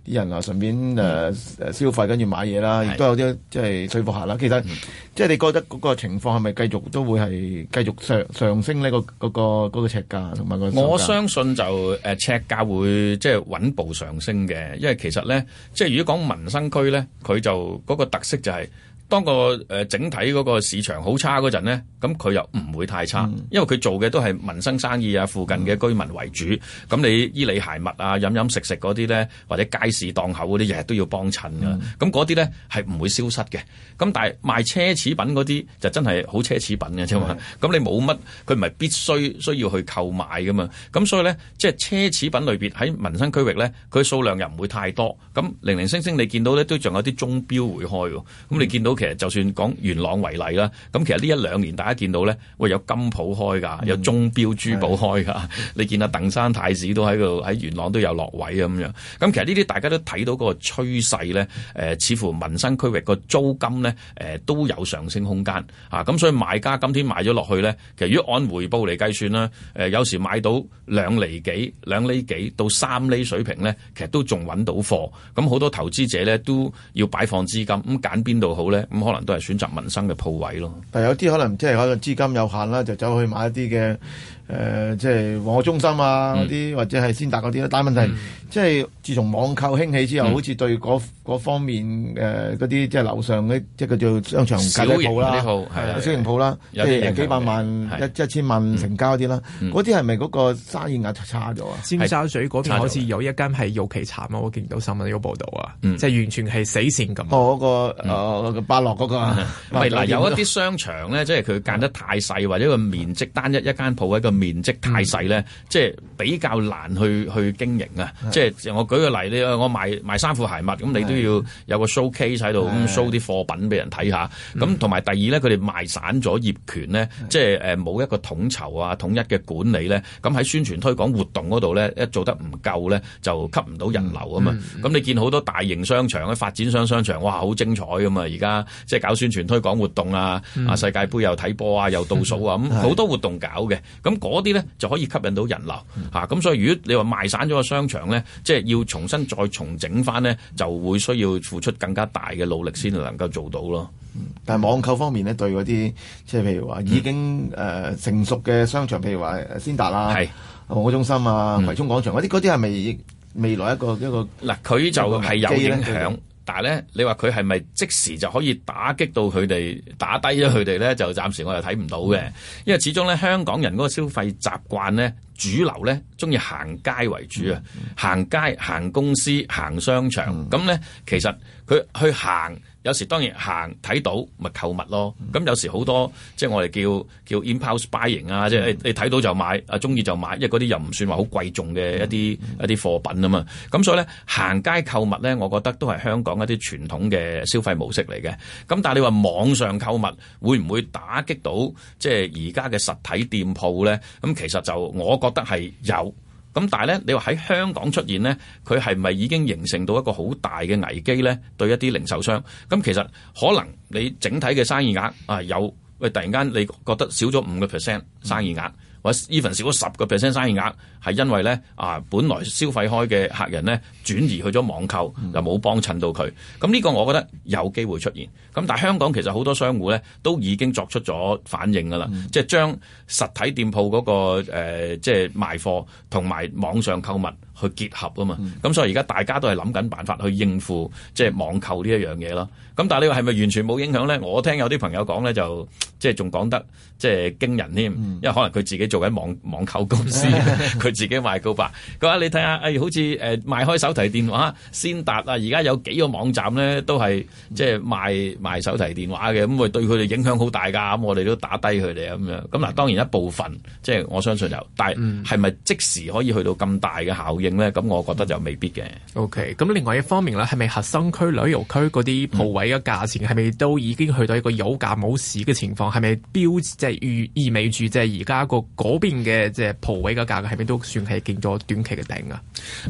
啲人啊，順便誒消費，跟住買嘢啦，亦都有啲即係水貨客啦。其實、嗯、即係你覺得嗰個情況係咪繼續都會係繼續上上升？升呢、那個嗰、那個嗰、那個尺價，同埋個，我相信就誒尺價會即係穩步上升嘅，因為其實咧，即係如果講民生區咧，佢就嗰、那個特色就係、是。當個誒、呃、整體嗰個市場好差嗰陣呢，咁佢又唔會太差，嗯、因為佢做嘅都係民生生意啊，附近嘅居民為主。咁、嗯、你衣履鞋襪啊、飲飲食食嗰啲呢，或者街市檔口嗰啲，日日都要幫襯噶。咁嗰啲呢係唔會消失嘅。咁但係賣奢侈品嗰啲就真係好奢侈品嘅啫嘛。咁、嗯、你冇乜，佢唔係必須需要去購買噶嘛。咁所以呢，即、就、係、是、奢侈品類別喺民生區域呢，佢數量又唔會太多。咁零零星星你見到呢，都仲有啲鐘錶會開。咁你見到、嗯。其實就算講元朗為例啦，咁其實呢一兩年大家見到咧，喂有金舖開㗎，有鐘錶珠寶開㗎，嗯、你見到鄧生太子都喺度喺元朗都有落位咁樣，咁其實呢啲大家都睇到個趨勢咧、呃，似乎民生區域個租金咧、呃，都有上升空間咁、啊、所以買家今天買咗落去咧，其實如果按回報嚟計算啦、呃，有時買到兩厘幾、兩厘幾到三厘水平咧，其實都仲揾到貨，咁好多投資者咧都要擺放資金，咁揀邊度好咧？咁、嗯、可能都係選擇民生嘅鋪位咯。但係有啲可能即係可能資金有限啦，就走去買一啲嘅。誒，即係旺角中心啊，嗰啲或者係先達嗰啲啦。但係問題即係，自從網購興起之後，好似對嗰嗰方面誒嗰啲即係樓上嗰即係叫做商場小型鋪啦，小型鋪啦，即係幾百萬、一一千萬成交嗰啲啦。嗰啲係咪嗰個生意額差咗啊？尖沙咀嗰邊好似有一間係肉奇茶嘛，我見到新聞有報導啊，即係完全係死線咁。我個誒百樂嗰個咪嗱，有一啲商場咧，即係佢揀得太細，或者個面積單一，一間鋪喺度。面積太細咧，嗯、即係比較難去去經營啊！是即係我舉個例咧，我賣賣衫褲鞋襪，咁你都要有個 showcase 喺度 show 啲是貨品俾人睇下。咁同埋第二咧，佢哋賣散咗業權咧，是即係冇一個統籌啊、統一嘅管理咧。咁喺宣傳推廣活動嗰度咧，一做得唔夠咧，就吸唔到人流啊嘛。咁、嗯、你見好多大型商場咧，發展商商場，哇，好精彩啊嘛！而家即係搞宣傳推廣活動啊，啊、嗯，世界盃又睇波啊，又倒數啊，咁好是、嗯、多活動搞嘅。咁嗰啲咧就可以吸引到人流吓，咁、嗯啊、所以如果你話賣散咗個商場咧，即、就、係、是、要重新再重整返咧，就會需要付出更加大嘅努力先能夠做到咯。嗯、但係網購方面咧，對嗰啲即係譬如話已經誒成熟嘅商場，嗯、譬如話先達啦、旺角是中心啊、葵涌廣場嗰啲，嗰啲係未未來一個一個嗱，佢就係有影響。但係咧，你話佢係咪即時就可以打擊到佢哋，打低咗佢哋咧？就暫時我又睇唔到嘅，因為始終咧，香港人嗰個消費習慣咧。主流咧中意行街為主啊，行、嗯、街行公司行商場，咁咧、嗯、其實佢去行有時當然行睇到咪購物咯，咁、嗯、有時好多即係我哋叫叫 impulse buying 啊，即係、嗯、你睇到就買啊中意就買，因為嗰啲又唔算話好貴重嘅一啲、嗯、一啲貨品啊嘛，咁所以咧行街購物咧，我覺得都係香港一啲傳統嘅消費模式嚟嘅。咁但係你話網上購物會唔會打擊到即係而家嘅實體店鋪咧？咁其實就我。覺得係有咁，但係咧，你話喺香港出現咧，佢係咪已經形成到一個好大嘅危機咧？對一啲零售商，咁其實可能你整體嘅生意額啊有，喂，突然間你覺得少咗五個 percent 生意額。嗯我 even 少咗十個 percent 生意額，係因為咧啊，本來消費開嘅客人咧轉移去咗網購，又冇幫襯到佢。咁呢個我覺得有機會出現。咁但係香港其實好多商戶咧都已經作出咗反應㗎啦，即係、嗯、將實體店鋪嗰、嗰個即係、呃即係、賣貨同埋網上購物去結合啊嘛。咁所以而家大家都係諗緊辦法去應付即係、即係、網購呢一樣嘢咯。咁但係你話係咪完全冇影響咧？我聽有啲朋友講咧，就即係仲講得即係驚人添，嗯、因為可能佢自己做緊網網購公司，佢 自己賣高白，佢話你睇下，誒、哎、好似誒、呃、賣開手提電話，先達啊！而家有幾個網站咧，都係即係賣賣手提電話嘅，咁會對佢哋影響好大㗎。咁我哋都打低佢哋咁樣。咁嗱，當然一部分即係、嗯、我相信有，但係係咪即時可以去到咁大嘅效應咧？咁我覺得就未必嘅。OK，咁另外一方面咧，係咪核心區旅遊區嗰啲鋪位、嗯？你嘅價錢係咪都已經去到一個有價冇市嘅情況？係咪標即係預意味住即係而家個嗰邊嘅即係鋪位嘅價格係咪都算係見咗短期嘅頂啊？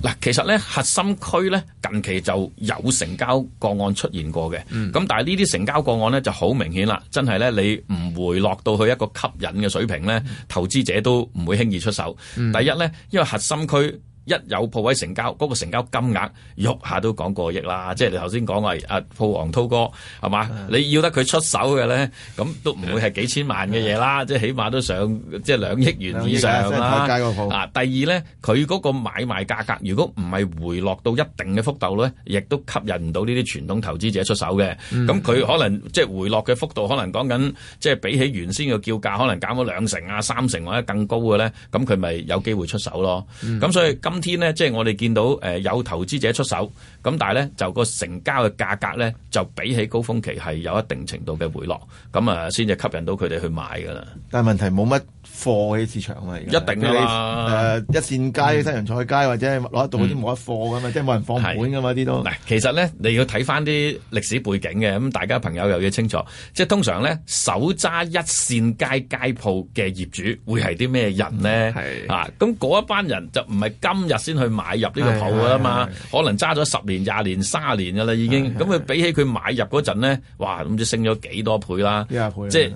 嗱，其實咧，核心區咧，近期就有成交個案出現過嘅，咁、嗯、但係呢啲成交個案咧就好明顯啦，真係咧，你唔回落到去一個吸引嘅水平咧，投資者都唔會輕易出手。嗯、第一咧，因為核心區。一有鋪位成交，嗰個成交金額喐下都講個億講過億啦。即係你頭先講話阿鋪王濤哥係嘛？你要得佢出手嘅咧，咁都唔會係幾千萬嘅嘢啦。即係起碼都上即係兩億元以上啦。啊，第二咧，佢嗰個買賣價格如果唔係回落到一定嘅幅度咧，亦都吸引唔到呢啲傳統投資者出手嘅。咁佢可能即係回落嘅幅度，可能講緊即係比起原先嘅叫價，可能減咗兩成啊、三成或者更高嘅咧，咁佢咪有機會出手咯。咁所以今今天呢，即係我哋見到誒、呃，有投資者出手，咁但係呢就個成交嘅價格呢，就比起高峰期係有一定程度嘅回落，咁啊先至吸引到佢哋去買噶啦。但係問題冇乜。貨嘅市場啊一定係！誒一線街、西洋菜街或者攞得到啲冇得貨㗎嘛，即係冇人放盤㗎嘛，啲都。嗱，其實咧你要睇翻啲歷史背景嘅，咁大家朋友又要清楚，即係通常咧手揸一線街街鋪嘅業主會係啲咩人咧？係啊，咁嗰一班人就唔係今日先去買入呢個鋪㗎嘛，可能揸咗十年、廿年、卅年㗎啦已經。咁佢比起佢買入嗰陣咧，哇，唔知升咗幾多倍啦！幾廿倍即係。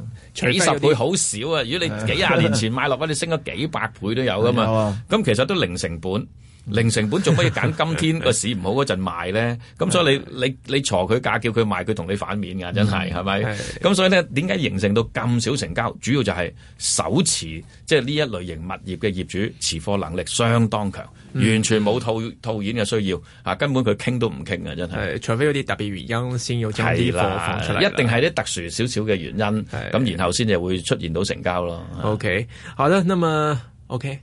幾十倍好少啊！如果你幾廿年前買落去， 你升咗幾百倍都有㗎嘛？咁其實都零成本。零成本做乜要揀今天個市唔好嗰陣賣咧？咁所以你你你鋤佢價叫佢賣，佢同你反面噶真係，係咪？咁所以咧，點解形成到咁少成交？主要就係手持即係呢一類型物業嘅業主，持貨能力相當強，完全冇套套現嘅需要啊！根本佢傾都唔傾啊，真係。除非有啲特別原因先要將啲貨放出嚟，一定係啲特殊少少嘅原因，咁然後先至會出現到成交咯。OK，好啦，咁麼 OK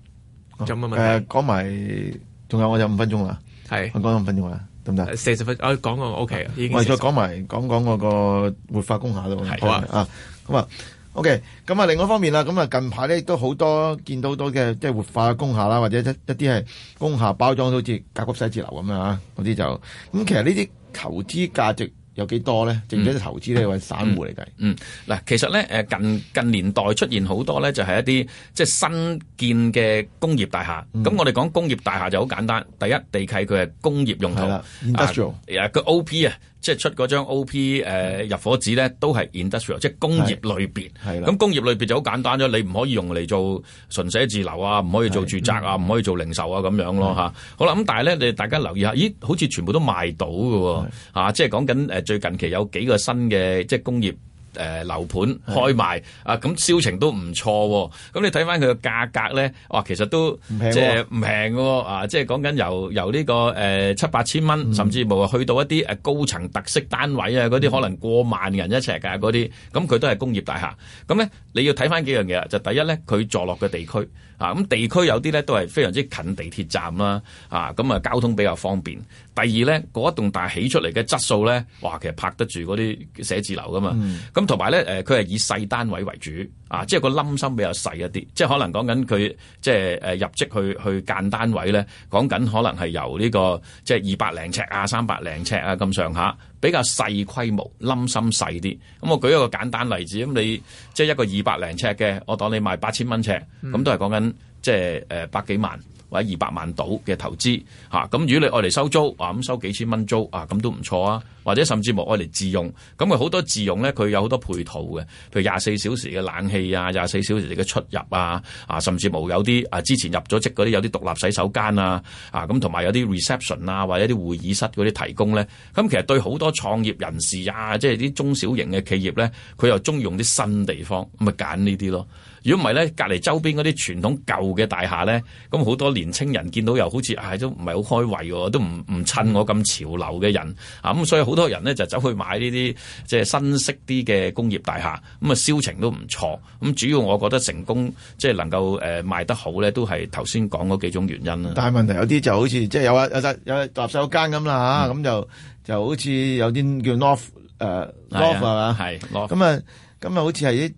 有冇問題？講埋。仲有我有五分鐘啦，係是我講五分鐘啦得唔得？四十分，我、啊、講個 O K 嘅，OK, 我再講埋講講個活化工廈咯，好啊的 啊，咁啊 O K，咁啊另外一方面啦，咁啊近排咧亦都好多見到好多嘅即係活化工廈啦，或者一一啲係工廈包裝都好似甲級寫字樓咁樣啊，嗰啲就咁其實呢啲投資價值。有幾多咧？剩低啲投資呢為散戶嚟計。嗯，嗱、嗯，其實咧，近近年代出現好多咧，就係一啲即係新建嘅工業大廈。咁、嗯、我哋講工業大廈就好簡單，第一地契佢係工業用途。係啦，Industrial 個 OP 啊。即係出嗰張 O P 誒入伙紙咧，都係 industrial，即係工業類別。係啦，咁工業類別就好簡單咗，你唔可以用嚟做純寫字樓啊，唔可以做住宅啊，唔的、嗯、可以做零售啊咁樣咯吓是的 好啦，咁但係咧，你大家留意下，咦，好似全部都賣到㗎喎、啊是的 啊，即係講緊、呃、最近期有幾個新嘅即係工業。誒、呃、樓盤開賣的啊，咁銷情都唔錯、啊。咁你睇翻佢嘅價格咧，哇，其實都、啊、即係唔平喎。啊，即係講緊由由呢、呢個誒、呃、七八千蚊，嗯、甚至無話去到一啲高層特色單位啊，嗰啲可能過萬人一尺嘅嗰啲，咁佢、嗯、都係工業大廈。咁咧，你要睇翻幾樣嘢啦，就第一咧，佢坐落嘅地區。啊，咁地區有啲咧都係非常之近地鐵站啦，啊，咁啊，交通比較方便。第二咧，嗰一棟大起出嚟嘅質素咧，哇！其實拍得住嗰啲寫字樓噶嘛。咁同埋咧，誒佢係以細單位為主，啊，即係個冧心比較細一啲，即係可能講緊佢即係誒入職去去間單位咧，講緊可能係由呢個即係二百零尺啊、三百零尺啊，咁上下。比較細規模，冧心細啲。咁我舉一個簡單例子，咁你即係、就是、一個二百零尺嘅，我當你賣八千蚊尺，咁都係講緊即係誒百幾萬。或者二百萬度嘅投資，咁如果你愛嚟收租，咁、啊、收幾千蚊租啊，咁都唔錯啊。或者甚至乎愛嚟自用，咁佢好多自用咧，佢有好多配套嘅，譬如廿四小時嘅冷氣啊，廿四小時嘅出入啊，啊甚至冇有啲啊之前入咗職嗰啲有啲獨立洗手間啊，啊咁同埋有啲 reception 啊或者啲會議室嗰啲提供咧，咁其實對好多創業人士啊，即係啲中小型嘅企業咧，佢又中意用啲新地方，咁咪揀呢啲咯。如果唔係咧，隔離周邊嗰啲傳統舊嘅大廈咧，咁好多年青人見到又好似係都唔係好開胃喎，都唔唔襯我咁潮流嘅人啊，咁所以好多人咧就走去買呢啲即係新式啲嘅工業大廈，咁啊銷情都唔錯。咁主要我覺得成功即係能夠誒賣得好咧，都係頭先講嗰幾種原因啦。但係問題有啲就好似即係有啊有得有洗手間咁啦嚇，咁、嗯、就就好似有啲叫 North 誒 North 係咁啊咁啊，好似係啲。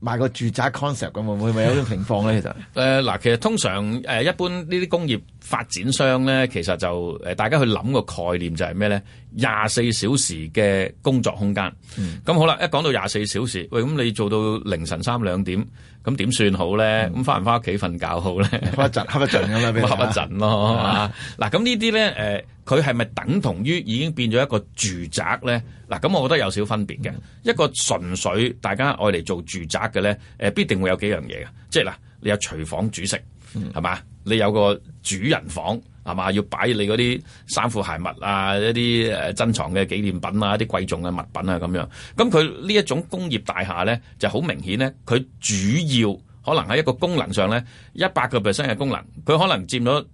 買個住宅 concept 咁會唔會咪有種情況咧？其實誒，嗱，其實通常誒、呃，一般呢啲工業發展商咧，其實就誒、呃，大家去諗個概念就係咩咧？廿四小時嘅工作空間，咁、嗯、好啦，一講到廿四小時，喂，咁你做到凌晨三兩點。咁點算好咧？咁翻唔翻屋企瞓覺好咧？瞓、嗯、 一陣，瞓一陣咁啊，瞓一陣咯嚇。嗱、呃，咁呢啲咧，誒，佢係咪等同於已經變咗一個住宅咧？嗱、啊，咁我覺得有少少分別嘅。嗯、一個純粹大家愛嚟做住宅嘅咧、呃，必定會有幾樣嘢嘅。即係嗱，你有廚房煮食，係嘛、嗯？你有個主人房。係嘛？要擺你嗰啲衫褲鞋襪啊，一啲誒珍藏嘅紀念品啊，一啲貴重嘅物品啊這，咁樣咁佢呢一種工業大廈咧，就好明顯咧，佢主要可能喺一個功能上咧，一百個 percent 嘅功能，佢可能佔咗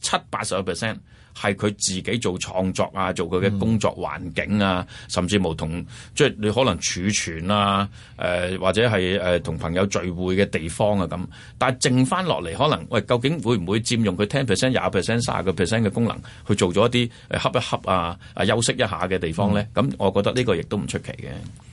七八十個 percent。係佢自己做創作啊，做佢嘅工作環境啊，嗯、甚至冇同即係你可能儲存啊，誒、呃、或者係誒同朋友聚會嘅地方啊咁。但係剩翻落嚟，可能喂究竟會唔會佔用佢 ten percent、廿 percent、卅個 percent 嘅功能去做咗一啲恰一恰啊、啊、呃呃呃、休息一下嘅地方咧？咁、嗯、我覺得呢個亦都唔出奇嘅。